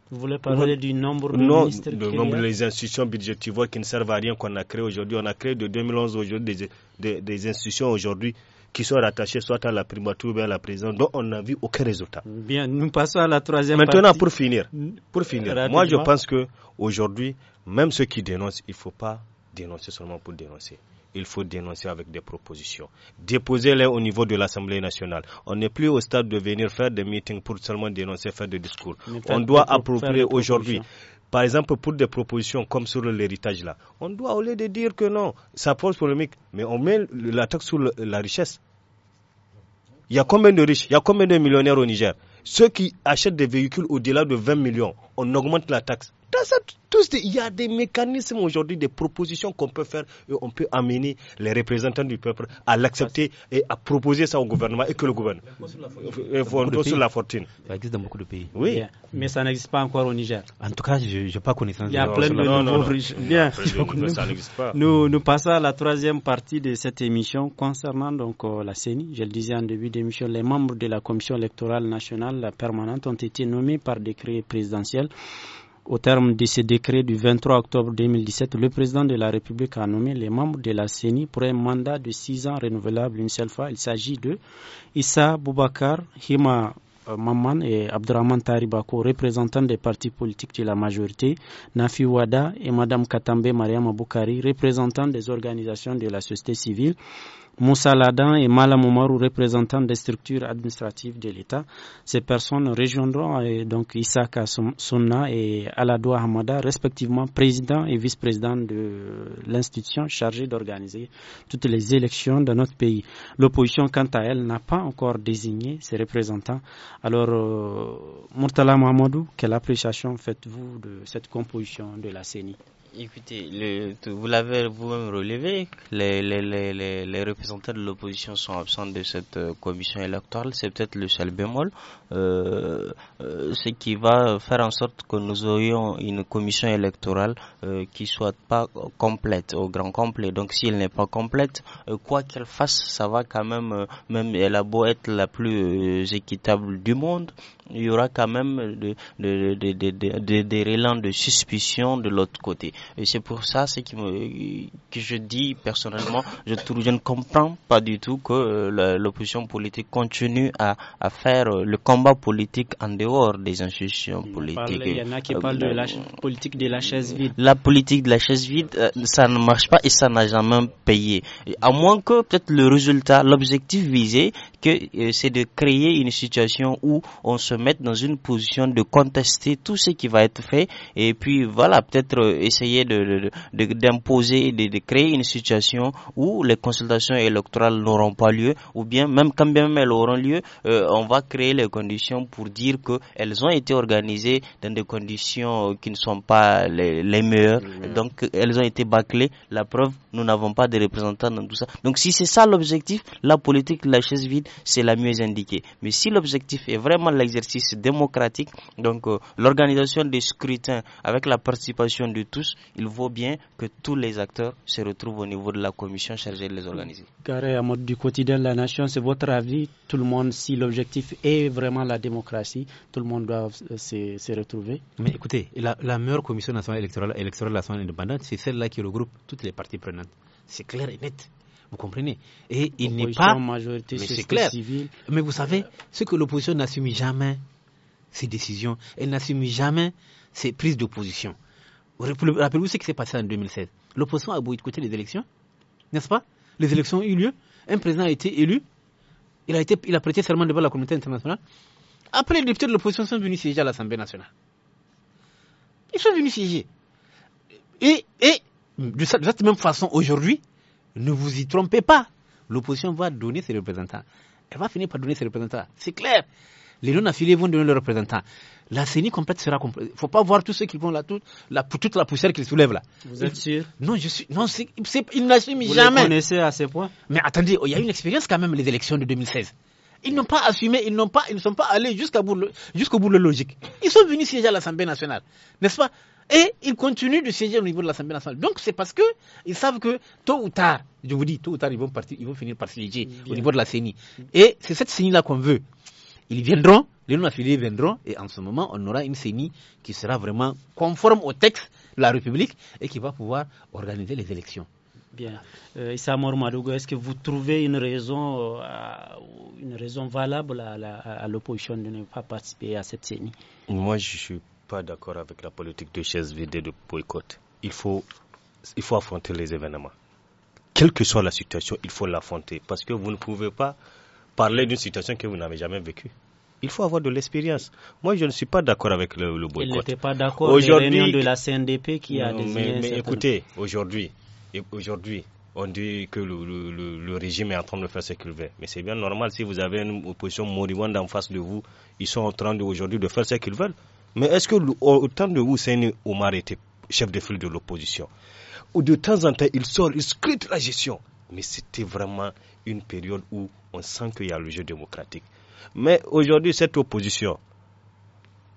D: Vous voulez parler du nombre de non, du nombre des institutions budgétivores qui ne servent à rien qu'on a créé aujourd'hui. On a créé de 2011 aujourd'hui des, institutions aujourd'hui qui sont rattachées soit à la primature ou à la présidence, dont on n'a vu aucun résultat. Bien, nous passons à la troisième Maintenant, partie. pour finir, pour finir, moi je pense que aujourd'hui, même ceux qui dénoncent, il ne faut pas dénoncer seulement pour dénoncer il faut dénoncer avec des propositions. déposer les au niveau de l'Assemblée nationale. On n'est plus au stade de venir faire des meetings pour seulement dénoncer, faire des discours. On doit approuver aujourd'hui par exemple, pour des propositions comme sur l'héritage là, on doit au lieu de dire que non, ça pose polémique, mais on met la taxe sur la richesse. Il y a combien de riches, il y a combien de millionnaires au Niger Ceux qui achètent des véhicules au-delà de 20 millions, on augmente la taxe il y a des mécanismes aujourd'hui, des propositions qu'on peut faire et on peut amener les représentants du peuple à l'accepter et à proposer ça au gouvernement et que le gouvernement fonde sur la fortune. Ça existe dans beaucoup de pays. Oui.
A: Mais ça n'existe pas encore au Niger. En tout cas, je n'ai pas connaissance. Il y a plein de nouveaux Bien. Nous, passons à la troisième partie de cette émission concernant donc euh, la CENI. Je le disais en début d'émission, les membres de la Commission électorale nationale permanente ont été nommés par décret présidentiel. Au terme de ce décret du 23 octobre 2017, le président de la République a nommé les membres de la CENI pour un mandat de six ans renouvelable une seule fois. Il s'agit de Issa Boubacar, Hima euh, Mamman et Abdurrahman Taribako, représentants des partis politiques de la majorité, Nafi Wada et Madame Katambe Mariam Aboukari, représentants des organisations de la société civile, Moussa Ladan et Malam Oumarou, représentants des structures administratives de l'État. Ces personnes rejoindront et euh, donc Isaka Sonna et Aladoua Hamada, respectivement président et vice-président de l'institution chargée d'organiser toutes les élections de notre pays. L'opposition, quant à elle, n'a pas encore désigné ses représentants. Alors, euh, Murtala Mamadou, quelle appréciation faites-vous de cette composition de la CENI
E: Écoutez, vous l'avez vous-même relevé, les, les, les, les, représentants de l'opposition sont absents de cette euh, commission électorale, c'est peut-être le seul bémol, euh, euh, ce qui va faire en sorte que nous aurions une commission électorale euh, qui soit pas complète, au grand complet. Donc si elle n'est pas complète, euh, quoi qu'elle fasse, ça va quand même, même elle a beau être la plus équitable du monde, il y aura quand même des de, de, relents de suspicion de l'autre côté. Et c'est pour ça qui que je dis personnellement, je, je ne comprends pas du tout que euh, l'opposition politique continue à, à, faire euh, le combat politique en dehors des institutions politiques. Il y en a qui parlent de la
A: politique de la chaise vide.
E: La politique de la chaise vide, euh, ça ne marche pas et ça n'a jamais payé. À moins que peut-être le résultat, l'objectif visé, que c'est de créer une situation où on se mettre dans une position de contester tout ce qui va être fait et puis voilà, peut-être euh, essayer de, d'imposer, de, créer une situation où les consultations électorales n'auront pas lieu ou bien même quand bien même elles auront lieu, euh, on va créer les conditions pour dire qu'elles ont été organisées dans des conditions euh, qui ne sont pas les, meilleures. Donc elles ont été bâclées. La preuve, nous n'avons pas de représentants dans tout ça. Donc si c'est ça l'objectif, la politique, la chaise vide, c'est la mieux indiquée. Mais si l'objectif est vraiment l'exercice exercice démocratique. Donc euh, l'organisation des scrutins avec la participation de tous, il vaut bien que tous les acteurs se retrouvent au niveau de la commission chargée de les organiser.
A: Carré à mode du quotidien de la nation, c'est votre avis. Tout le monde, si l'objectif est vraiment la démocratie, tout le monde doit euh, se, se retrouver. Mais écoutez, la, la, meilleure commission nationale électorale, électorale
C: nationale indépendante, c'est celle-là qui regroupe toutes les parties prenantes. C'est clair et net. Vous comprenez Et il
A: n'est pas. Majorité mais c'est clair.
C: Mais vous savez, ce que l'opposition n'assume jamais, ses décisions, elle n'assume jamais ses prises d'opposition. Rappelez-vous ce qui s'est passé en 2016. L'opposition a de côté les élections, n'est-ce pas Les élections ont eu lieu. Un président a été élu. Il a, été, il a prêté serment devant la communauté internationale. Après, les députés de l'opposition sont venus siéger à l'Assemblée nationale. Ils sont venus siéger. Et, et de cette même façon, aujourd'hui, ne vous y trompez pas. L'opposition va donner ses représentants. Elle va finir par donner ses représentants. C'est clair. Les non-affiliés vont donner leurs représentants. La CENI complète sera complète. Il ne faut pas voir tous ceux qui vont là, toute la, toute la poussière qu'ils soulèvent là. Vous êtes sûr Non, je suis. Non, ils n'assument jamais. Vous connaissez à ce point Mais attendez, il y a une expérience quand même, les élections de 2016. Ils n'ont pas assumé, ils n'ont pas, ils ne sont pas allés jusqu'au bout, jusqu'au bout de la logique. Ils sont venus siéger à l'Assemblée nationale, n'est-ce pas Et ils continuent de siéger au niveau de l'Assemblée nationale. Donc c'est parce que ils savent que tôt ou tard, je vous dis, tôt ou tard, ils vont partir, ils vont finir par siéger au niveau de la CENI. Et c'est cette CENI là qu'on veut. Ils viendront, les non-affiliés viendront, et en ce moment, on aura une CENI qui sera vraiment conforme au texte de la République et qui va pouvoir organiser les élections.
A: Bien. Euh, Issa est-ce que vous trouvez une raison, euh, une raison valable à, l'opposition de ne pas participer
D: à cette CENI Moi, je ne suis pas d'accord avec la politique de chaise vide de boycott. Il faut, affronter les événements. Quelle que soit la situation, il faut l'affronter parce que vous ne pouvez pas parler d'une situation que vous n'avez jamais vécue. Il faut avoir de l'expérience. Moi, je ne suis pas d'accord avec le, boycott.
A: Il n'était pas d'accord avec de
D: la CNDP qui a mais écoutez, aujourd'hui, aujourd'hui, on dit que le, régime est en train de faire ce qu'il veut. Mais c'est bien normal si vous avez une opposition moribonde en face de vous, ils sont en train aujourd'hui de faire ce qu'ils veulent. Mais est-ce que au temps de Hussein Omar était chef de file de l'opposition Ou de temps en temps, il sort, il scrute la gestion. Mais c'était vraiment une période où on sent qu'il y a le jeu démocratique. Mais aujourd'hui, cette opposition,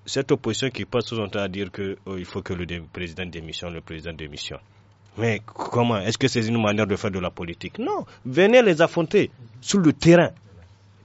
D: cette opposition qui passe tout son temps à dire qu'il oh, faut que le président démissionne, le président démissionne. Mais comment Est-ce que c'est une manière de faire de la politique Non. Venez les affronter sur le terrain.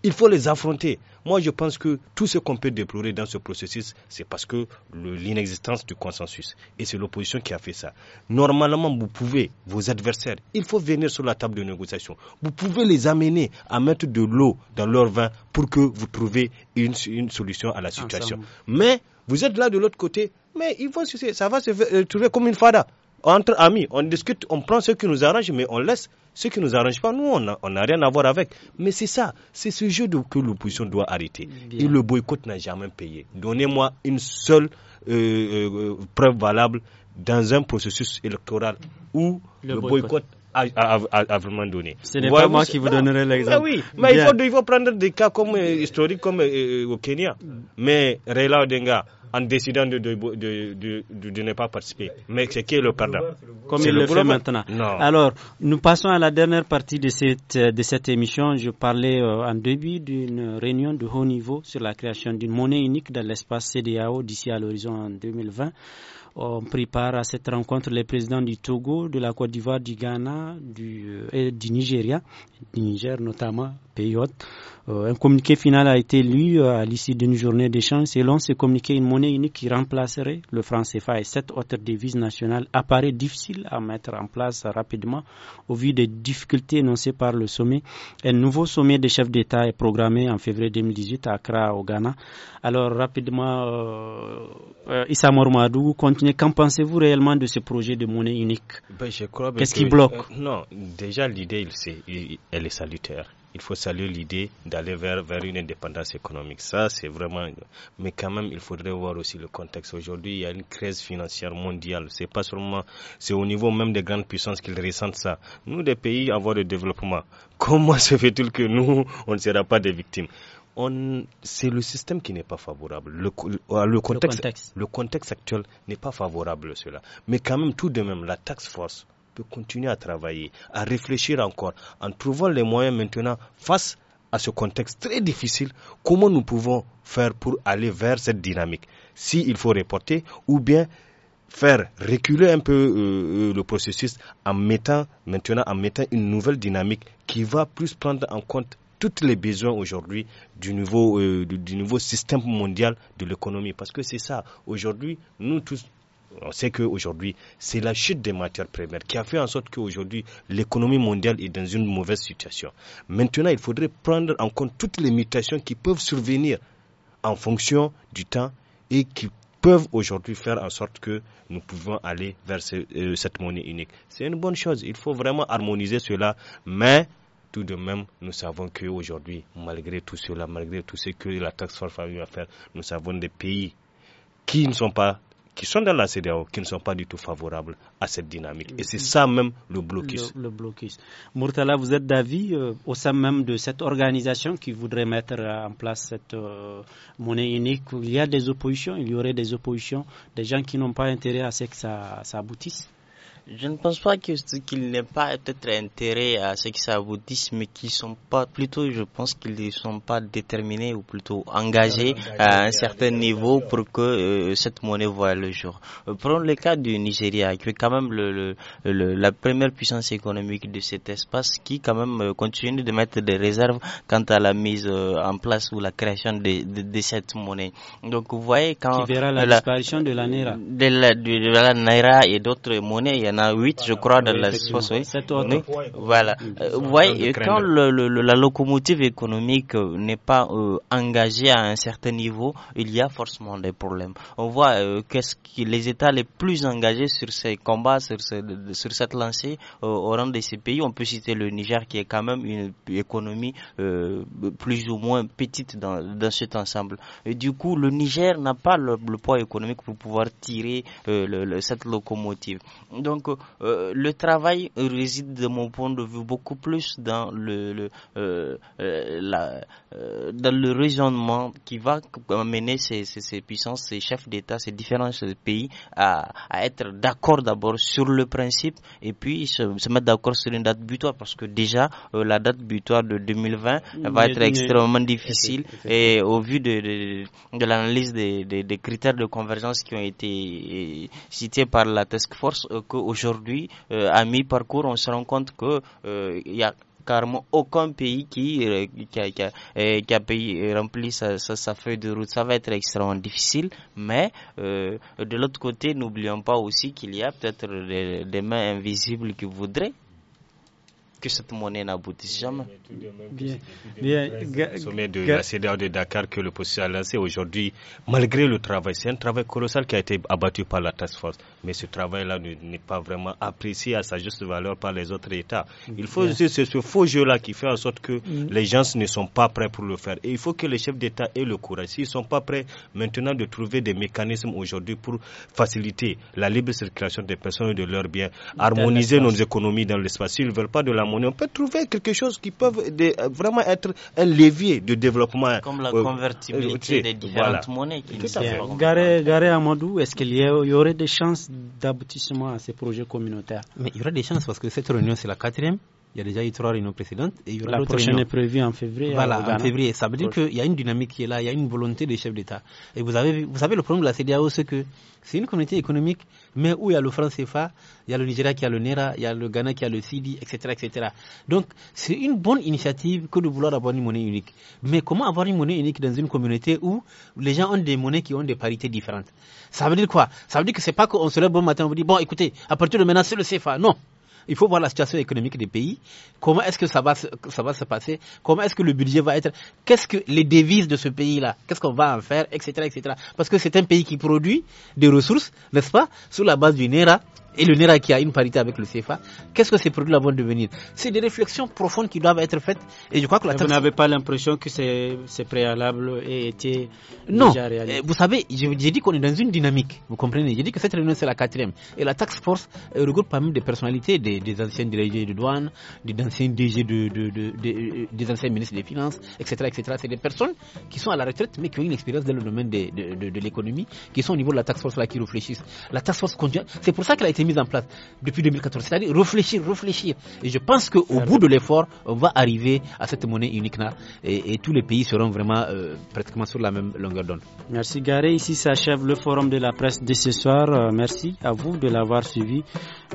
D: Il faut les affronter. Moi, je pense que tout ce qu'on peut déplorer dans ce processus, c'est parce que l'inexistence du consensus. Et c'est l'opposition qui a fait ça. Normalement, vous pouvez, vos adversaires, il faut venir sur la table de négociation. Vous pouvez les amener à mettre de l'eau dans leur vin pour que vous trouviez une, solution à la situation. Mais vous êtes là de l'autre côté, mais ils vont, ça va se euh, trouver comme une fada entre amis, on discute, on prend ce qui nous arrange, mais on laisse ce qui nous arrange pas. Nous, on n'a rien à voir avec. Mais c'est ça, c'est ce jeu que l'opposition doit arrêter. Et le boycott n'a jamais payé. Donnez-moi une seule euh, euh, preuve valable dans un processus électoral où
B: le, boycott
D: à, a, a, vraiment donner. Ce n'est pas moi qui vous donnerai l'exemple. oui, mais il faut, il faut, prendre des cas comme, euh, historiques comme euh, au Kenya. Mais Raila Odinga, en décidant de, de, de, de, ne pas participer. Mais c'est qui le pardon Comme il le, fait maintenant.
A: Alors, nous passons à la dernière partie de cette, euh, de cette émission. Je parlais euh, en début d'une réunion de haut niveau sur la création d'une monnaie unique dans l'espace CDAO d'ici à l'horizon en 2020. On prépare à cette rencontre les présidents du Togo, de la Côte d'Ivoire, du Ghana du, euh, et du Nigeria du Niger notamment, pays euh, un communiqué final a été lu euh, à l'issue d'une journée d'échange. Selon ce communiqué, une monnaie unique qui remplacerait le franc CFA et cette autre devise nationale apparaît difficile à mettre en place rapidement au vu des difficultés énoncées par le sommet. Un nouveau sommet des chefs d'État est programmé en février 2018 à Accra, au Ghana. Alors rapidement, euh, euh continuez. Qu'en pensez-vous réellement de ce projet de monnaie unique
D: ben, Qu'est-ce ben qui bloque Non, déjà l'idée, il sait elle est salutaire. Il faut saluer l'idée d'aller vers, vers une indépendance économique. Ça, c'est vraiment. Mais quand même, il faudrait voir aussi le contexte. Aujourd'hui, il y a une crise financière mondiale. C'est pas seulement. C'est au niveau même des grandes puissances qu'ils ressentent ça. Nous, des pays en voie de développement, comment se fait-il que nous, on ne sera pas des victimes c'est le système qui n'est pas favorable. Le, le, ah, contexte, le contexte. actuel n'est pas favorable à cela. Mais quand même, tout de même, la taxe force peut continuer à travailler, à réfléchir encore, en trouvant les moyens maintenant face à ce contexte très difficile, comment nous pouvons faire pour aller vers cette dynamique S'il faut reporter ou bien faire reculer un peu euh, euh, le processus en mettant maintenant en mettant une nouvelle dynamique qui va plus prendre en compte tous les besoins aujourd'hui euh, du du, nouveau système mondial de l'économie parce que c'est ça aujourd'hui nous tous on sait qu'aujourd'hui, c'est la chute des matières premières qui a fait en sorte qu'aujourd'hui, l'économie mondiale est dans une mauvaise situation. Maintenant, il faudrait prendre en compte toutes les mutations qui peuvent survenir en fonction du temps et qui peuvent aujourd'hui faire en sorte que nous pouvons aller vers euh, cette monnaie unique. C'est une bonne chose. Il faut vraiment harmoniser cela. Mais tout de même, nous savons qu'aujourd'hui, malgré tout cela, malgré tout ce que la taxe forfaitaire va faire, nous savons des pays qui ne sont pas qui sont dans la CDAO qui ne sont pas du tout favorables à cette dynamique. Et c'est mm-hmm. ça même le blocus.
A: Le, Murtala, vous êtes d'avis euh, au sein même de cette organisation qui voudrait mettre en place cette euh, monnaie unique Il y a des oppositions, il y aurait des oppositions, des gens qui n'ont pas intérêt à ce que ça, ça aboutisse
E: je ne pense pas qu'il qu pas peut-être intérêt à ce que ça vous dise mais qu'ils sont pas, plutôt, je pense qu'ils ne sont pas déterminés ou plutôt engagés à un certain niveau pour que euh, cette monnaie voie le jour. Euh, prenons le cas du Nigeria, qui est quand même le, la première puissance économique de cet espace, qui quand même euh, continue de mettre des réserves quant à la mise en place ou la création de, de, cette monnaie. Donc vous voyez quand... Qui verra la,
A: disparition de la Naira.
E: De la, Naira et d'autres monnaies, y en 8 huit, je crois, dans la société. Voilà. Vous voyez, euh, quand la locomotive économique euh, n'est pas euh, engagée à un certain niveau, il y a forcément des problèmes. On voit qu'est-ce que les États les plus engagés sur ces combats, sur, ce, sur cette lancée au rang de ces pays. On peut citer le Niger qui est quand même une économie plus ou moins petite dans, dans cet ensemble. du coup, le Niger n'a pas le, poids économique pour pouvoir tirer le, cette locomotive. Donc, euh, le travail réside de mon point de vue beaucoup plus dans le, euh, euh, raisonnement qui va amener ces, puissances, ces chefs d'État, ces différents pays à, être d'accord d'abord sur le principe et puis se, mettre d'accord sur une date butoir parce que déjà la date butoir de 2020 va être extrêmement difficile et au vu de, l'analyse des, des, critères de convergence qui ont été cités par la task force que aujourd'hui, euh, à mi-parcours, on se rend compte que il euh, y a carrément aucun pays qui, a, rempli sa, feuille de route. Ça va être extrêmement difficile, mais euh, de l'autre côté, n'oublions pas aussi qu'il y a peut-être des, mains invisibles qui voudraient que cette monnaie n'aboutisse jamais.
A: Bien.
D: Bien. sommet de la CDAO de Dakar que le processus a lancé aujourd'hui, malgré le travail, c'est un travail colossal qui a été abattu par la task force. Mais ce travail-là n'est pas vraiment apprécié à sa juste valeur par les autres États. Il faut c'est ce faux jeu-là qui fait en sorte que mm. les gens ne sont pas prêts pour le faire. Et il faut que les chefs d'État aient le courage. S'ils ne sont pas prêts maintenant de trouver des mécanismes aujourd'hui pour faciliter la libre circulation des personnes et de leurs biens, harmoniser nos économies dans l'espace. S'ils ne veulent pas de la on peut trouver quelque chose qui peut vraiment être un levier de développement. Comme la euh, convertibilité euh, des différentes voilà. monnaies.
E: Qui
A: Garé Amadou, est-ce qu'il y, aurait des chances d'aboutissement à ces projets communautaires
C: Mais il y aurait des chances parce que cette réunion, c'est la quatrième. Il y a déjà eu trois réunions précédentes. Et il y aura la prochaine est prévue
A: en février. Voilà, euh, en février. Ça veut dire qu'il
C: y a une dynamique qui est là, il y a une volonté des chefs d'État. Et vous, avez, vous savez, le problème de la CDAO, c'est que c'est une communauté économique, mais où il y a le franc CFA, il y a le Nigeria qui a le NERA, il y a le Ghana qui a le CIDI, etc. etc. Donc, c'est une bonne initiative que de vouloir avoir une monnaie unique. Mais comment avoir une monnaie unique dans une communauté où les gens ont des monnaies qui ont des parités différentes Ça veut dire quoi Ça veut dire que n'est pas qu'on se lève bon matin, on vous dit, bon, écoutez, à partir de maintenant, c'est le CFA. Non il faut voir la situation économique des pays. Comment est-ce que ça va, se passer Comment est-ce que le budget va être Qu'est-ce que les devises de ce pays-là Qu'est-ce qu'on va en faire Etc. etc. Parce que c'est un pays qui produit des ressources, n'est-ce pas, sur la base du NERA, et le NERA qui a une parité avec le CFA, qu'est-ce que ces produits-là vont devenir C'est des réflexions profondes qui doivent être faites. Et je crois que la taxe... Vous n'avez pas l'impression que ces, préalables aient été non. déjà réalisés euh, Vous savez, j'ai dit qu'on est dans une dynamique. Vous comprenez J'ai dit que cette réunion, c'est la quatrième. Et la taxe force euh, regroupe parmi des personnalités, des, des anciens dirigeants de douane, des anciens DG de, euh, des anciens ministres des Finances, etc. etc. C'est des personnes qui sont à la retraite, mais qui ont une expérience dans le domaine de, l'économie, qui sont au niveau de la taxe force, là, qui réfléchissent. La tax force C'est pour ça qu'elle a été mise en place depuis 2014. C'est-à-dire réfléchir, réfléchir. Et je pense qu'au bout de l'effort, on va arriver à
A: cette monnaie unique là et, tous les pays seront vraiment euh, pratiquement sur la même longueur d'onde. Merci Gare. Ici s'achève le forum de la presse de ce soir. Euh, merci à vous de l'avoir suivi.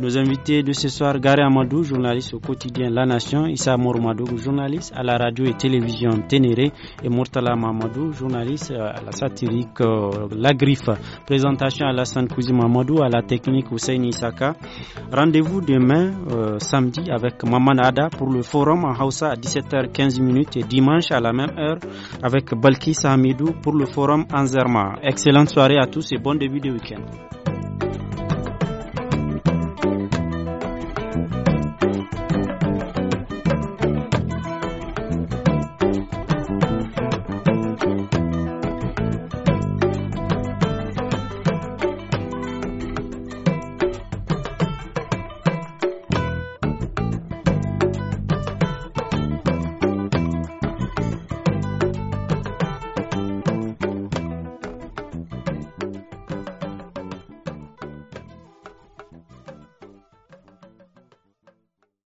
A: Nos invités de ce soir, Garé Amadou, journaliste au quotidien La Nation, Issa Mourmadou, journaliste à la radio et télévision Ténéré, et Murtala Mamadou, journaliste euh, à la satirique La Griffe. Présentation à la sainte Cousine Mamadou, à la technique Hussein Saka. Rendez-vous demain, euh, samedi, avec Maman Ada pour le forum en Hausa à 17h15 et dimanche à la même heure avec Balkis Hamidou pour le forum en Zerma. Excellente soirée à tous et bon début de week-end.